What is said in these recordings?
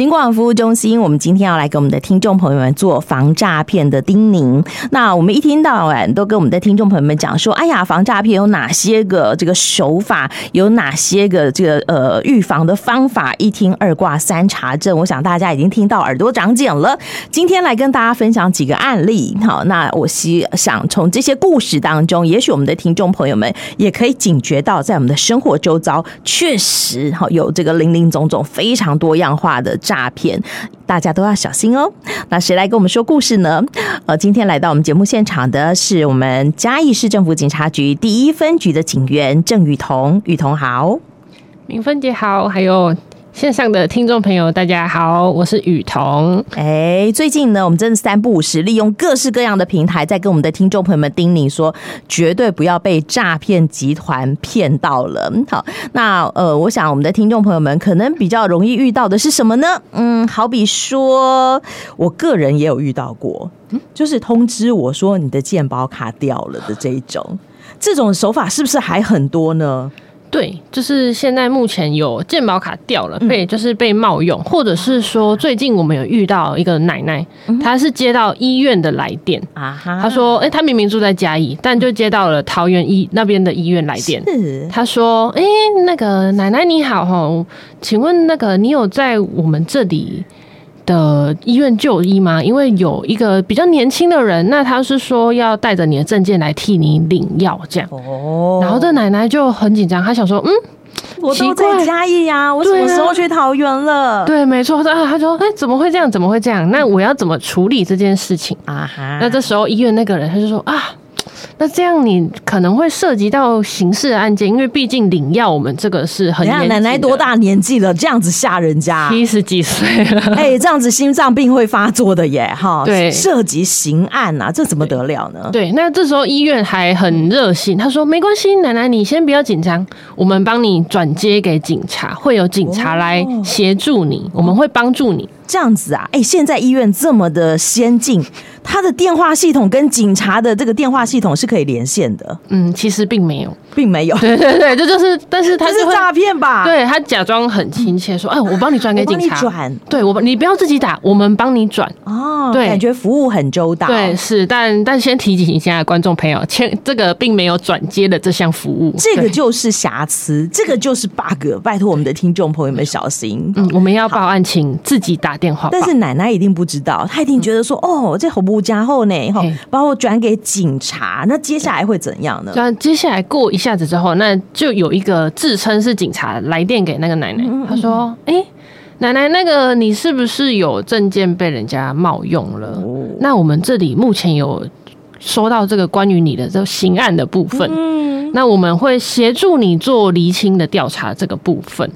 警廣服務中心，我們今天要來給我們的聽眾朋友們做防詐騙的叮嚀。那我們一天到晚，都跟我們的聽眾朋友們講說，哎呀，防詐騙有哪些個這個手法，有哪些個這個呃預防的方法？一聽二掛三查證，我想大家已經聽到耳朵長繭了。今天來跟大家分享幾個案例，好，那我希想從這些故事當中，也許我們的聽眾朋友們也可以警覺到，在我們的生活周遭確實哈有這個林林總總非常多樣化的，詐騙，大家都要小心哦。那誰來跟我們說故事呢？呃，今天來到我們節目現場的是我們嘉義市政府警察局第一分局的警員鄭羽彤。羽彤好，明芬姐好，還有、哦。線上的聽眾朋友，大家好，我是羽彤。誒、欸，最近呢，我們真的三不五時利用各式各樣的平台，在跟我們的聽眾朋友們叮嚀說，絕對不要被詐騙集團騙到了。好，那呃，我想我們的聽眾朋友們可能比較容易遇到的是什麼呢？嗯，好比說，我個人也有遇到過，嗯、就是通知我說你的健保卡掉了的這一種，這種手法是不是還很多呢？對，就是現在目前有健保卡掉了，被就是被冒用，嗯、或者是說最近我們有遇到一個奶奶，她是接到醫院的來電、嗯、她說，哎、欸，她明明住在嘉義，但就接到了桃園醫那邊的醫院來電，是她說，哎、欸，那個奶奶你好齁，請問那個你有在我們這裡的醫院就醫嗎？因為有一個比較年輕的人，那他是說要帶着你的證件來替你領藥，這樣。哦，oh. 然後這奶奶就很緊張，她想說，嗯，我都在嘉義呀，奇怪，我什麼時候去桃園了對、啊？對，沒錯。她說：啊，她說，哎、欸，怎麼會這樣？怎麼會這樣？那我要怎麼處理這件事情啊？Uh. 那這時候醫院那個人他就說啊。那這樣你可能會涉及到刑事案件，因為畢竟領藥我們這個是很的……你看奶奶多大年紀了，這樣子嚇人家，七十幾歲哎、欸，這樣子心臟病會發作的耶，哈， 對，涉及刑案吶、啊，這怎麼得了呢對？對，那這時候醫院還很熱心，他說沒關係，奶奶你先不要緊張，我們幫你轉接給警察，會有警察來協助你，哦、我們會幫助你。這樣子啊，哎、欸，現在醫院這麼的先進，他的電話系統跟警察的這個電話系統是可以連線的。嗯，其實並沒有。並沒有，對對對，這就是，但是他是詐騙吧？對，他假裝很親切，說：“哎，我幫你轉給警察，轉，對我，你不要自己打，我們幫你轉。”哦，對，感覺服務很周到。對，是，但但先提醒一下觀眾朋友，千這個並沒有轉接的這項服務，這個就是瑕疵，這個就是 bug，拜託我們的聽眾朋友們小心。嗯，我們要報案，請自己打電話。但是奶奶一定不知道，她一定覺得說：“哦，這恐怖加厚呢，哈，把我轉給警察。”那接下來會怎樣呢？那接下來過一。一下子之後，那就有一個自稱是警察來電給那個奶奶，他說：“誒、欸，奶奶，那個你是不是有證件被人家冒用了？那我們這裡目前有收到這個關於你的這刑案的部分，嗯，那我們會協助你做釐清的調查這個部分。”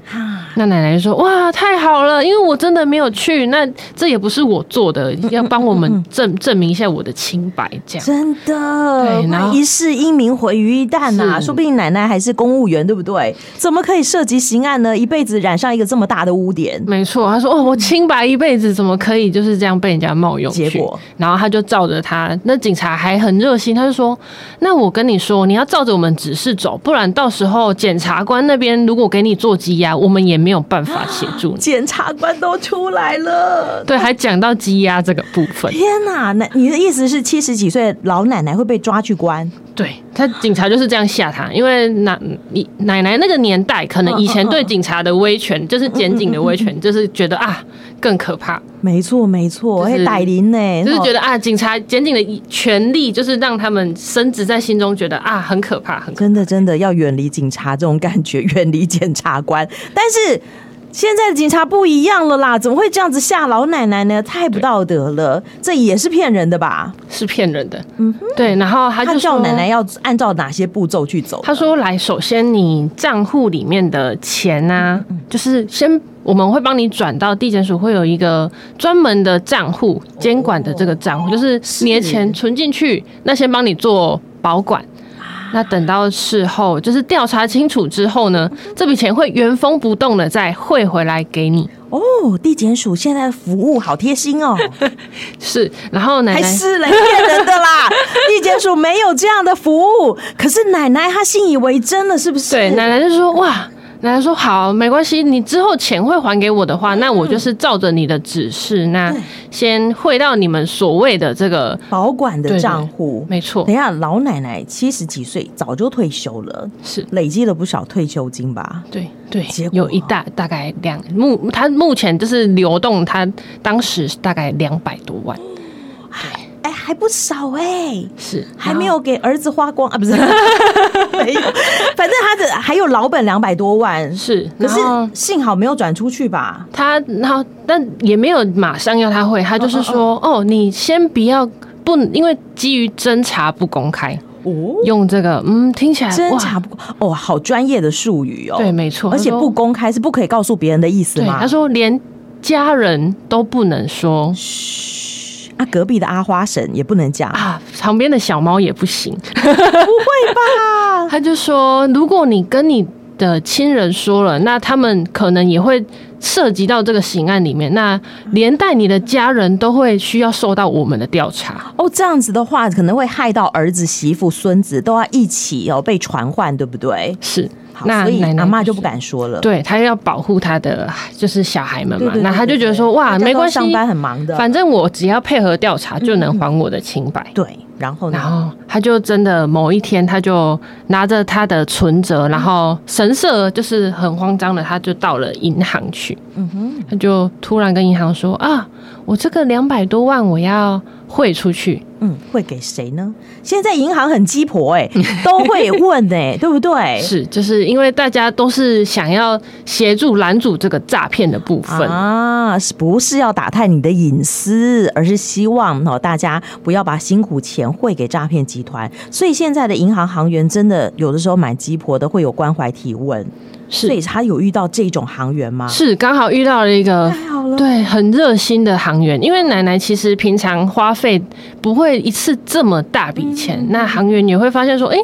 那奶奶就說：“哇，太好了，因為我真的沒有去，那這也不是我做的，要幫我們證 證明一下我的清白，這樣真的，對，不然一世英名毀於一旦吶，是說不定奶奶還是公務員，對不對？怎麼可以涉及刑案呢？一輩子染上一個這麼大的污點，沒錯。”他說：“哦，我清白一輩子，怎麼可以就是這樣被人家冒用？結果，然後他就照着他，那警察還很熱心，他就說：‘那我跟你說，你要照着我們指示走，不然到時候檢察官那邊如果給你做羈押，我們也’。”沒有辦法協助，檢察官都出來了，對，還講到羈押這個部分。天哪，那你的意思是七十幾歲老奶奶會被抓去關？對，他警察就是這樣嚇她，因為奶你奶奶那個年代，可能以前對警察的威權，就是檢警的威權，就是覺得啊更可怕。沒錯，沒錯，就是，哎、欸，歹靈呢，就是覺得啊，警察、檢警的權力，就是讓他們深植，在心中，覺得啊，很可怕，很可怕真的，真的要遠離警察這種感覺，遠離檢察官。但是現在的警察不一樣了啦，怎麼會這樣子嚇老奶奶呢？太不道德了，對這也是騙人的吧？是騙人的，嗯哼，對。然後他就說他叫奶奶要按照哪些步驟去走？他說：“來，首先你賬戶裡面的錢啊，嗯嗯就是先。”我們會幫你轉到地檢署，會有一個專門的賬戶監管的這個賬戶，就是你的錢存進去，那先幫你做保管。那等到事後，就是調查清楚之後呢，這筆錢會原封不動的再匯回來給你。哦，地檢署現在的服務好貼心哦。 是，然後奶奶還是識人騙人的啦， 地檢署沒有這樣的服務，可是奶奶她信以為真了，是不是？對，奶奶就說哇。奶奶說：“好，沒關係。你之後錢會還給我的話，嗯、那我就是照着你的指示，對那先匯到你們所謂的這個保管的賬戶。沒錯。等一下，老奶奶七十幾歲，早就退休了，是累積了不少退休金吧？對對，對結果有一大大概兩目，他目前就是流動，他當時大概兩百多萬，哎，還不少哎，欸，是還沒有給兒子花光啊？不是， 沒有，反正他的還有老本兩百多萬，是，可是幸好沒有轉出去吧？他那但也沒有馬上要他會，他就是說哦，哦，哦，哦，你先不要不，因為基於偵查不公開，哦，用這個嗯，聽起來偵查不哇哦，好專業的術語哦，對，沒錯，而且不公開是不可以告訴別人的意思，嘛。他說連家人都不能說，噓。啊，隔壁的阿花嬸也不能講啊，旁邊的小貓也不行。 不會吧？ 他就說，如果你跟你的親人說了，那他們可能也會涉及到這個刑案裡面，那連帶你的家人都會需要受到我們的調查。哦，這樣子的話，可能會害到兒子、媳婦、孫子都要一起哦被傳喚，對不對？是。好那以奶奶媽就不敢說了，對，她要保護她的就是小孩們嘛，對對對對，那她就覺得說對對對，哇沒關係，上班很忙的，反正我只要配合調查就能還我的清白。嗯嗯對，然後呢然後她就真的某一天，她就拿着她的存折，嗯、然後神色就是很慌張的，她就到了銀行去，嗯哼嗯，她就突然跟銀行說啊，我這個兩百多萬我要匯出去。會給誰呢？現在銀行很雞婆哎、欸，都會問的、欸、 對不對？是，就是因為大家都是想要協助攔阻這個詐騙的部分啊，是不是要打探你的隱私，而是希望哦大家不要把辛苦錢匯給詐騙集團。所以現在的銀行行員真的有的時候蠻雞婆的，會有關懷提問。是，所以他有遇到這種行員嗎？是，剛好遇到了一個。哎對，很熱心的行員，因為奶奶其實平常花費不會一次這麼大筆錢，嗯、那行員你會發現說，哎，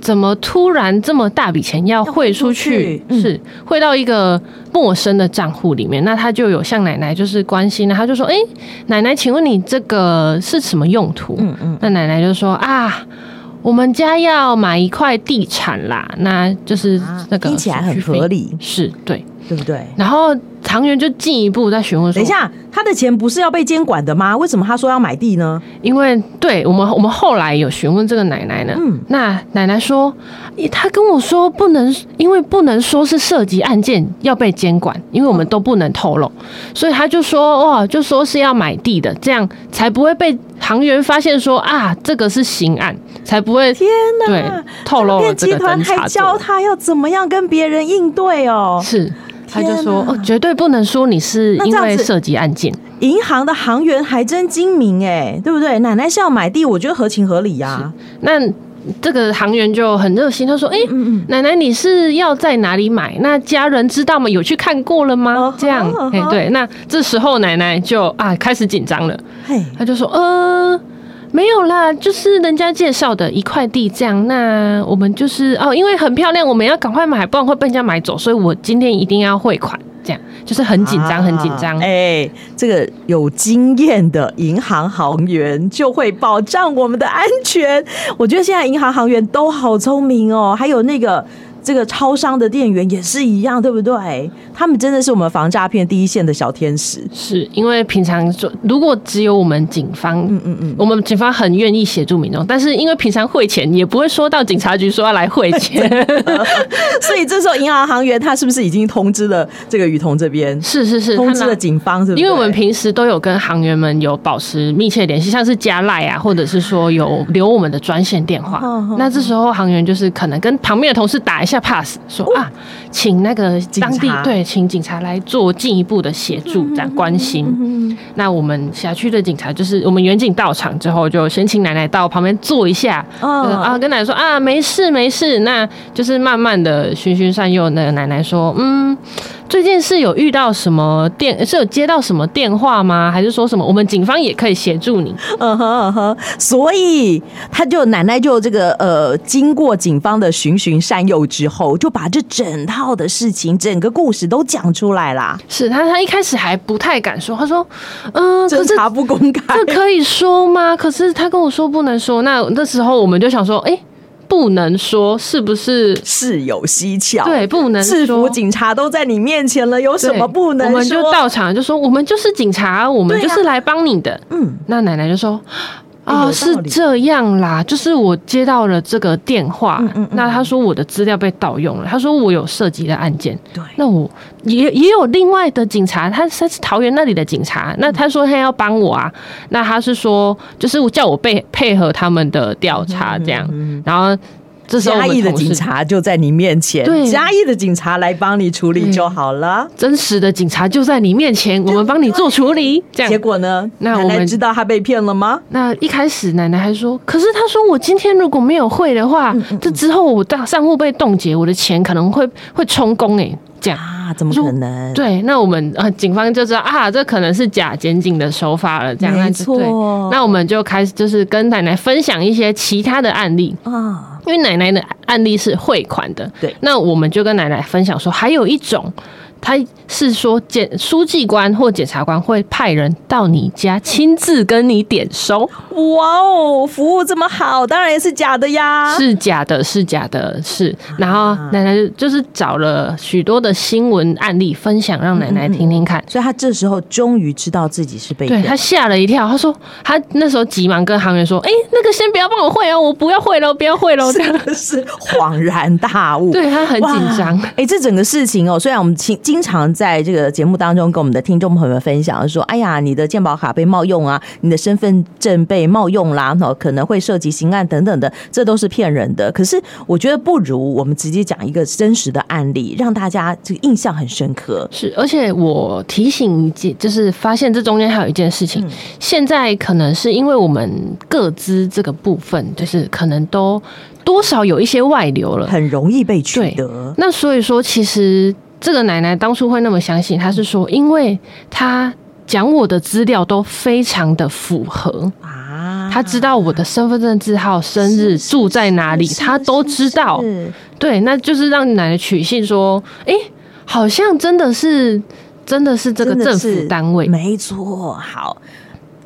怎麼突然這麼大筆錢要匯出去？回出去嗯、是匯到一個陌生的賬戶裡面，那他就有向奶奶就是關心那他就說，哎，奶奶，請問你這個是什麼用途？嗯嗯，嗯那奶奶就說啊，我們家要買一塊地產啦，那就是那個、啊、聽起來很合理，是對，對不對？然後。行員就進一步在詢問說：“等一下，他的錢不是要被監管的嗎？為什麼他說要買地呢？”因為對我們，我們後來有詢問這個奶奶呢。嗯，那奶奶說，他、欸、跟我說不能，因為不能說是涉及案件要被監管，因為我們都不能透露，嗯、所以他就說哇，就說是要買地的，這樣才不會被行員發現說啊，這個是刑案，才不會天哪，對透露。這個這集團還教他要怎麼樣跟別人應對哦，是。他就說：“哦，絕對不能說你是因為涉及案件，銀行的行員還真精明哎，對不對？奶奶是要買地，我覺得合情合理呀、啊。那這個行員就很熱心，他說：‘誒、欸，奶奶你是要在哪裡買？那家人知道嗎？有去看過了嗎？’ oh, 這樣，哎，oh, oh, oh，對。那這時候奶奶就啊開始緊張了，嘿，他就說：‘呃。’沒有啦，就是人家介紹的一塊地，這樣那我們就是哦，因為很漂亮，我們要趕快買，不然會被人家買走，所以我今天一定要匯款，這樣就是很緊張，啊、很緊張。哎、欸，這個有經驗的銀行行員 就會保障我們的安全。我覺得現在銀行行員都好聰明哦，還有那個。這個超商的店員也是一樣，對不對？他們真的是我們防詐騙第一線的小天使。是因為平常說，如果只有我們警方，嗯嗯嗯，我們警方很願意協助民眾，但是因為平常匯錢也不會說到警察局說要來匯錢 所以這時候銀行行員他是不是已經通知了這個羽彤這邊？ 是是是，通知了警方，是？因為我們平時都有跟行員們有保持密切聯繫，像是加賴啊，或者是說有留我們的專線電話。 那這時候行員就是可能跟旁邊的同事打一下。pass 說啊，請那個當地警察對，請警察來做進一步的協助，這樣關心。嗯嗯嗯、那我們轄區的警察就是我們員警到場之後，就先請奶奶到旁邊坐一下，哦呃、啊，跟奶奶說啊，沒事沒事，那就是慢慢的循循善誘。那個奶奶說，嗯，最近是有遇到什麼電是有接到什麼電話嗎？還是說什麼？我們警方也可以協助你。Uh huh, uh、huh, 所以他就奶奶就這個呃，經過警方的循循善誘之。之後就把這整套的事情、整個故事都講出來啦。是他，他一開始還不太敢說，他說：“嗯，偵查不公開，這可以說嗎？”可是他跟我說不能說。那那時候我們就想說：“哎、欸，不能說是不是事有蹊蹺？對，不能說，是服警察都在你面前了，有什麼不能說？我們就到場就說，我們就是警察，我們就是來幫你的。啊、嗯，那奶奶就說。”啊、哦，是這樣啦，就是我接到了這個電話，嗯嗯嗯，那他說我的資料被盜用了，他說我有涉及的案件，對，那我也也有另外的警察，他他是桃園那裡的警察，那他說他要幫我啊，嗯、那他是說就是叫我配配合他們的調查這樣，嗯嗯嗯，然後。嘉義的警察就在你面前，嘉義對的警察來幫你處理就好了、嗯。真實的警察就在你面前，我們幫你做處理。就這樣結果呢？那我們奶奶知道他被騙了嗎？那一開始奶奶還說，可是他說我今天如果沒有匯的話，嗯嗯嗯、這之後我賬賬戶被凍結，我的錢可能會會充公。哎，這樣啊？怎麼可能？對，那我們呃，警方就知道啊，這可能是假檢警，警的手法了。這樣沒錯這樣，對，那我們就開始就是跟奶奶分享一些其他的案例啊。因為奶奶的案例是匯款的，對，那我們就跟奶奶分享說，還有一種。他是說檢書記官或檢察官會派人到你家親自跟你點收。哇哦，服務這麼好，當然也是假的呀。是假的，是假的，是。然後奶奶就就是找了許多的新聞案例分享，讓奶奶聽聽看。嗯嗯，所以她這時候終於知道自己是被。對他嚇了一跳，他說他那時候急忙跟行員說：“哎、欸，那個先不要幫我匯哦，我不要匯了，我不要匯嘍。我不要匯了”真的是這樣恍然大悟。對她很緊張。哎、欸，這整個事情哦，雖然我們請。經常在這個節目當中跟我們的聽眾朋友們分享說：“哎呀，你的健保卡被冒用啊，你的身份證被冒用啦，可能會涉及刑案等等的，這都是騙人的。”可是我覺得不如我們直接講一個真實的案例，讓大家這個印象很深刻。是，而且我提醒一件，就是發現這中間還有一件事情，嗯、現在可能是因為我們個資這個部分，就是可能都多少有一些外流了，很容易被取得。那所以說，其實。這個奶奶當初會那麼相信，她是說，因為她講我的資料都非常的符合啊，她知道我的身份證字號、生日、是是是是住在哪裡，她都知道。是是是對，那就是讓奶奶取信說，哎、欸，好像真的是，真的是這個政府單位，沒錯，好。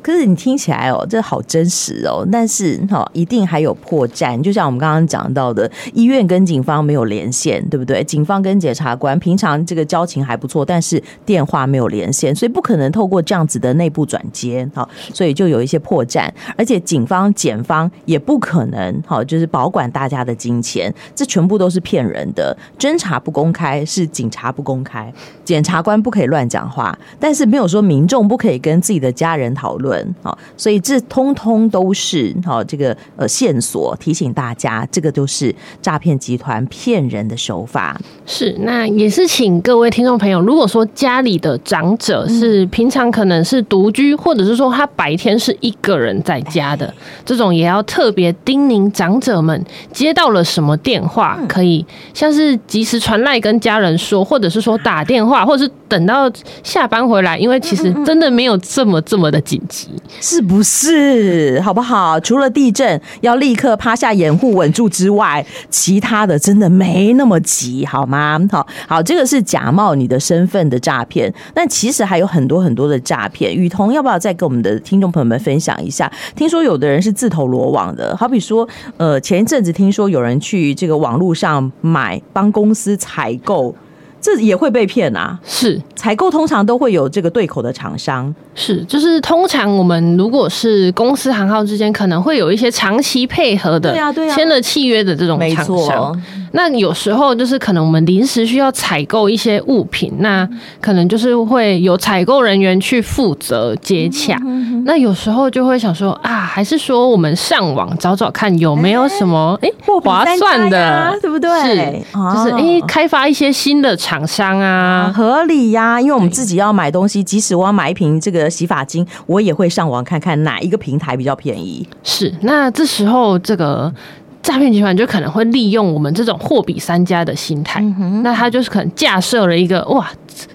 就是你聽起來哦，這好真實哦，但是哦，一定還有破綻。就像我們剛剛講到的，醫院跟警方沒有連線，對不對？警方跟檢察官平常這個交情還不錯，但是電話沒有連線，所以不可能透過這樣子的內部轉接哈、哦。所以就有一些破綻，而且警方、檢方也不可能哈、哦，就是保管大家的金錢，這全部都是騙人的。偵查不公開是警察不公開，檢察官不可以亂講話，但是沒有說民眾不可以跟自己的家人討論。好，所以這通通都是好這個呃線索，提醒大家，這個就是詐騙集團騙人的手法。是，那也是請各位聽眾朋友，如果說家裡的長者是平常可能是獨居，或者是說他白天是一個人在家的，嗯、這種也要特別叮嚀長者們，接到了什麼電話，可以像是及時傳賴跟家人說，或者是說打電話，或是等到下班回來，因為其實真的沒有這麼這麼的緊急。是不是好不好？除了地震要立刻趴下掩護穩住之外，其他的真的沒那麼急，好嗎？好，好，這個是假冒你的身份的詐騙。但其實還有很多很多的詐騙，羽彤要不要再跟我們的聽眾朋友們分享一下？聽說有的人是自投羅網的，好比說，呃，前一陣子聽說有人去這個網絡上買幫公司採購。這也會被騙啊！是，採購通常都會有這個對口的廠商，是就是通常我們如果是公司行號之間，可能會有一些長期配合的，對啊對啊。簽了契約的這種廠商。沒錯。那有時候就是可能我們臨時需要採購一些物品，那可能就是會有採購人員去負責接洽。嗯嗯嗯。那有時候就會想說啊，還是說我們上網找找看有沒有什麼哎，划算的莫，對不對？是就是哎，開發一些新的產。廠商啊，啊，合理呀、啊，因為我們自己要買東西，對即使我要買一瓶這個洗髮精，我也會上網看看哪一個平台比較便宜。是，那這時候這個詐騙集團就可能會利用我們這種貨比三家的心態，嗯、哼那他就是可能架設了一個哇，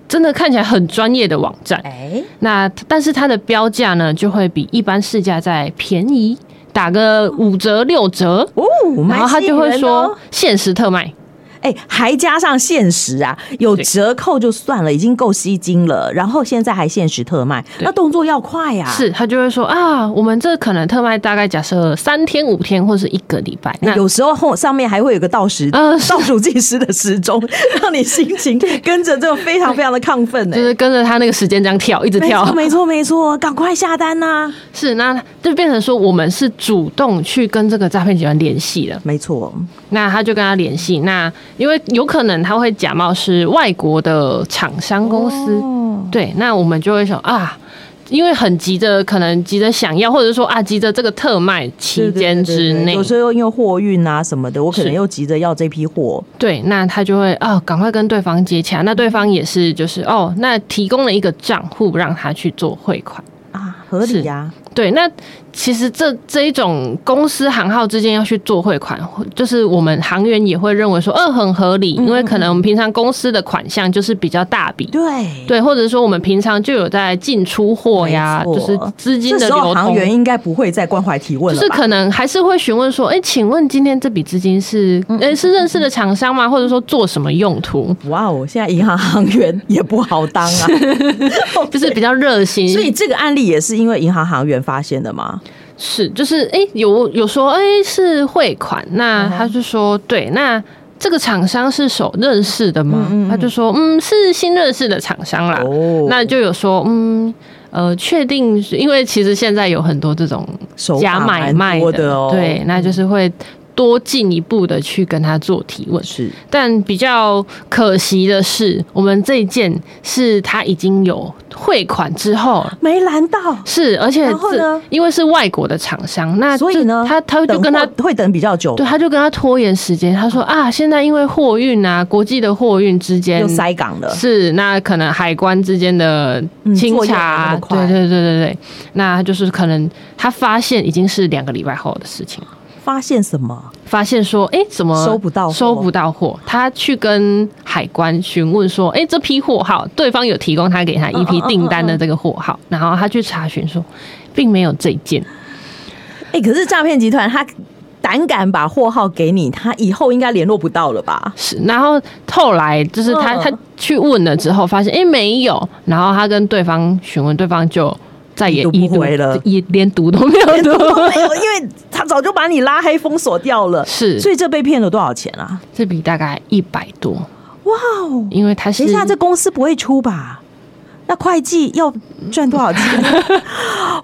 真的看起來很專業的網站。哎、欸，那但是它的標價呢，就會比一般市價再便宜，打個五折六折哦，然後他就會說限時特賣。哦哎、欸，還加上限時啊！有折扣就算了，對已經夠吸金了。然後現在還限時特賣，對那動作要快呀、啊！是他就會說啊，我們這可能特賣大概假設三天、五天或是一個禮拜。那、欸、有時候上面還會有個倒時，呃，倒數計時的時鐘， 讓你心情跟着這個非常非常的亢奮。哎，就是跟着他那個時間這樣跳，一直跳，沒錯，沒錯，沒錯，趕快下單吶、啊！是，那就變成說我們是主動去跟這個詐騙集團聯繫了。沒錯。那他就跟他聯繫，那因為有可能他會假冒是外國的廠商公司，哦、對，那我們就會想啊，因為很急着，可能急着想要，或者說啊，急着這個特賣期間之內，有時候又因為貨運啊什麼的，我可能又急着要這批貨，對，那他就會啊，趕快跟對方接洽，那對方也是就是哦，那提供了一個賬戶讓他去做匯款啊，合理呀、啊，對，那。其實這這一種公司行號之間要去做匯款，就是我們行員也會認為說，呃，很合理，因為可能我們平常公司的款項就是比較大筆，對對，或者說我們平常就有在進出貨呀，錯就是資金的流通，這時候行員應該不會再關懷提問了，就是可能還是會詢問說，哎，請問今天這筆資金是哎是認識的廠商嗎？或者說做什麼用途？哇、哦，我現在銀行行員也不好當啊， 就是比較熱心， 所以這個案例也是因為銀行行員發現的嗎？是，就是，哎、欸，有有說，哎、欸，是匯款，那他就說，嗯、哼對，那這個廠商是熟認識的嗎？嗯嗯，他就說，嗯，是新認識的廠商啦。哦、那就有說，嗯，呃，確定是，因為其實現在有很多這種假買賣的，的哦、對，那就是會。多進一步的去跟他做提問是，但比較可惜的是，我們這一件是他已經有匯款之後沒攔到，是而且因為是外國的廠商，那所以呢，他他就跟他會等比較久，對，他就跟他拖延時間，他說啊，現在因為貨運啊，國際的貨運之間塞港了，是，那可能海關之間的清查，對對對對對，對，那就是可能他發現已經是兩個禮拜後的事情。發現什麼？發現說，哎、欸，怎麼收不到收不到貨？他去跟海關詢問說，哎、欸，這批貨號，對方有提供他給他一批訂單的這個貨號，嗯嗯嗯嗯嗯。然後他去查詢說，並沒有這件。哎、欸，可是詐騙集團他膽敢把貨號給你，他以後應該聯絡不到了吧？是。然後後來就是他、嗯、他去問了之後，發現，哎、欸，沒有，然後他跟對方詢問，對方就。再也讀不回了，也連讀都，都沒有，連讀都沒有，因為他早就把你拉黑、封鎖掉了。是，所以這被騙了多少錢啊？這筆大概一百多。哇哦，因為他是等一下，這公司不會出吧？會計要賺多少錢？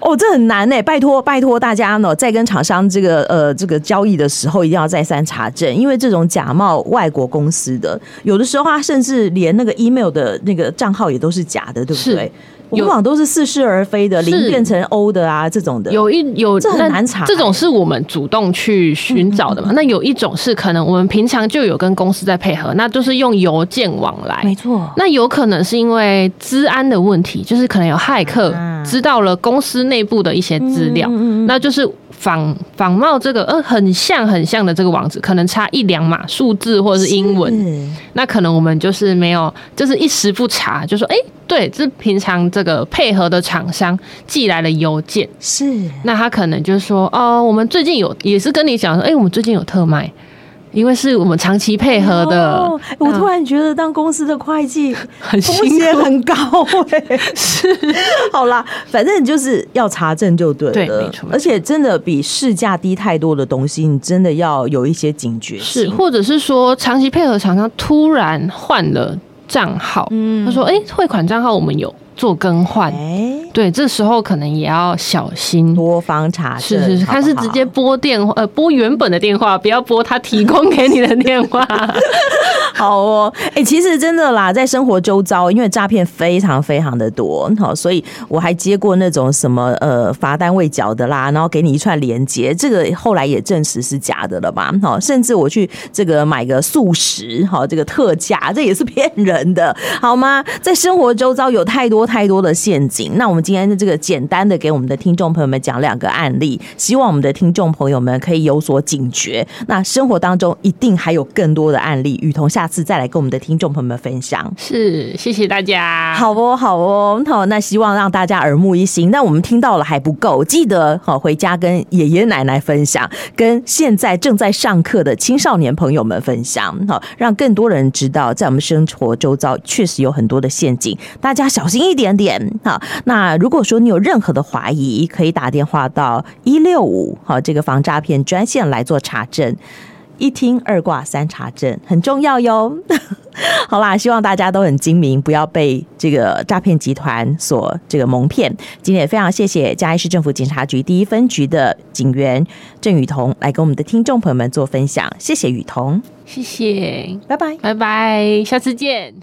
哦，這很難呢。拜托，拜托大家呢，在跟廠商這個呃這個交易的時候，一定要再三查證，因為這種假冒外國公司的，有的時候他甚至連那個 email 的那個賬號也都是假的，對不對？往往都是似是而非的，是零變成 O 的啊，這種的。有一有這很難查，這種是我們主動去尋找的嘛。嗯、那有一種是可能我們平常就有跟公司在配合，那都是用郵件往來，沒錯錯。那有可能是因為資安的，問題就是可能有駭客知道了公司內部的一些資料，那就是仿仿冒這個呃很像很像的這個網址，可能差一兩碼數字或是英文，是那可能我們就是沒有就是一時不察，就說哎、欸、對，這平常這個配合的廠商寄來的郵件，是那他可能就是說哦、呃，我們最近有也是跟你講說哎、欸、我們最近有特賣。因為是我們長期配合的，oh, 嗯、我突然覺得當公司的會計，很辛苦，風險很高哎、欸， 是，好啦，反正就是要查證就對了，對，沒錯，而且真的比市價低太多的東西，你真的要有一些警覺，是，或者是說長期配合廠商突然換了賬號，嗯，他說，哎、欸，匯款賬號我們有。做更換，Okay. 對，這時候可能也要小心，多方查證。是是是，他是直接撥電話，呃，撥原本的電話，不要撥他提供給你的電話。 好哦，哎、欸，其實真的啦，在生活周遭，因為詐騙非常非常的多，好，所以我還接過那種什麼呃罰單未繳的啦，然後給你一串鏈接，這個後來也證實是假的了吧？好，甚至我去這個買個素食，好，這個特價這也是騙人的，好嗎？在生活周遭有太多太多的陷阱。那我們今天的這個簡單的給我們的聽眾朋友們講兩個案例，希望我們的聽眾朋友們可以有所警覺。那生活當中一定還有更多的案例，羽彤下。下次再來跟我們的聽眾朋友們分享，是，謝謝大家，好哦，好哦，好，那希望讓大家耳目一新。那我們聽到了還不夠，記得好，回家跟爺爺奶奶分享，跟現在正在上課的青少年朋友們分享，好，讓更多人知道，在我們生活周遭確實有很多的陷阱，大家小心一點點。好，那如果說你有任何的懷疑，可以打電話到一六五，好，這個防詐騙專線來做查證。一聽二掛三查證很重要喲。 好啦，希望大家都很精明，不要被這個詐騙集團所這個矇騙。今天也非常謝謝嘉義市政府警察局第一分局的警員鄭羽彤來跟我們的聽眾朋友們做分享，謝謝羽彤，謝謝，拜拜 bye，拜拜，下次見。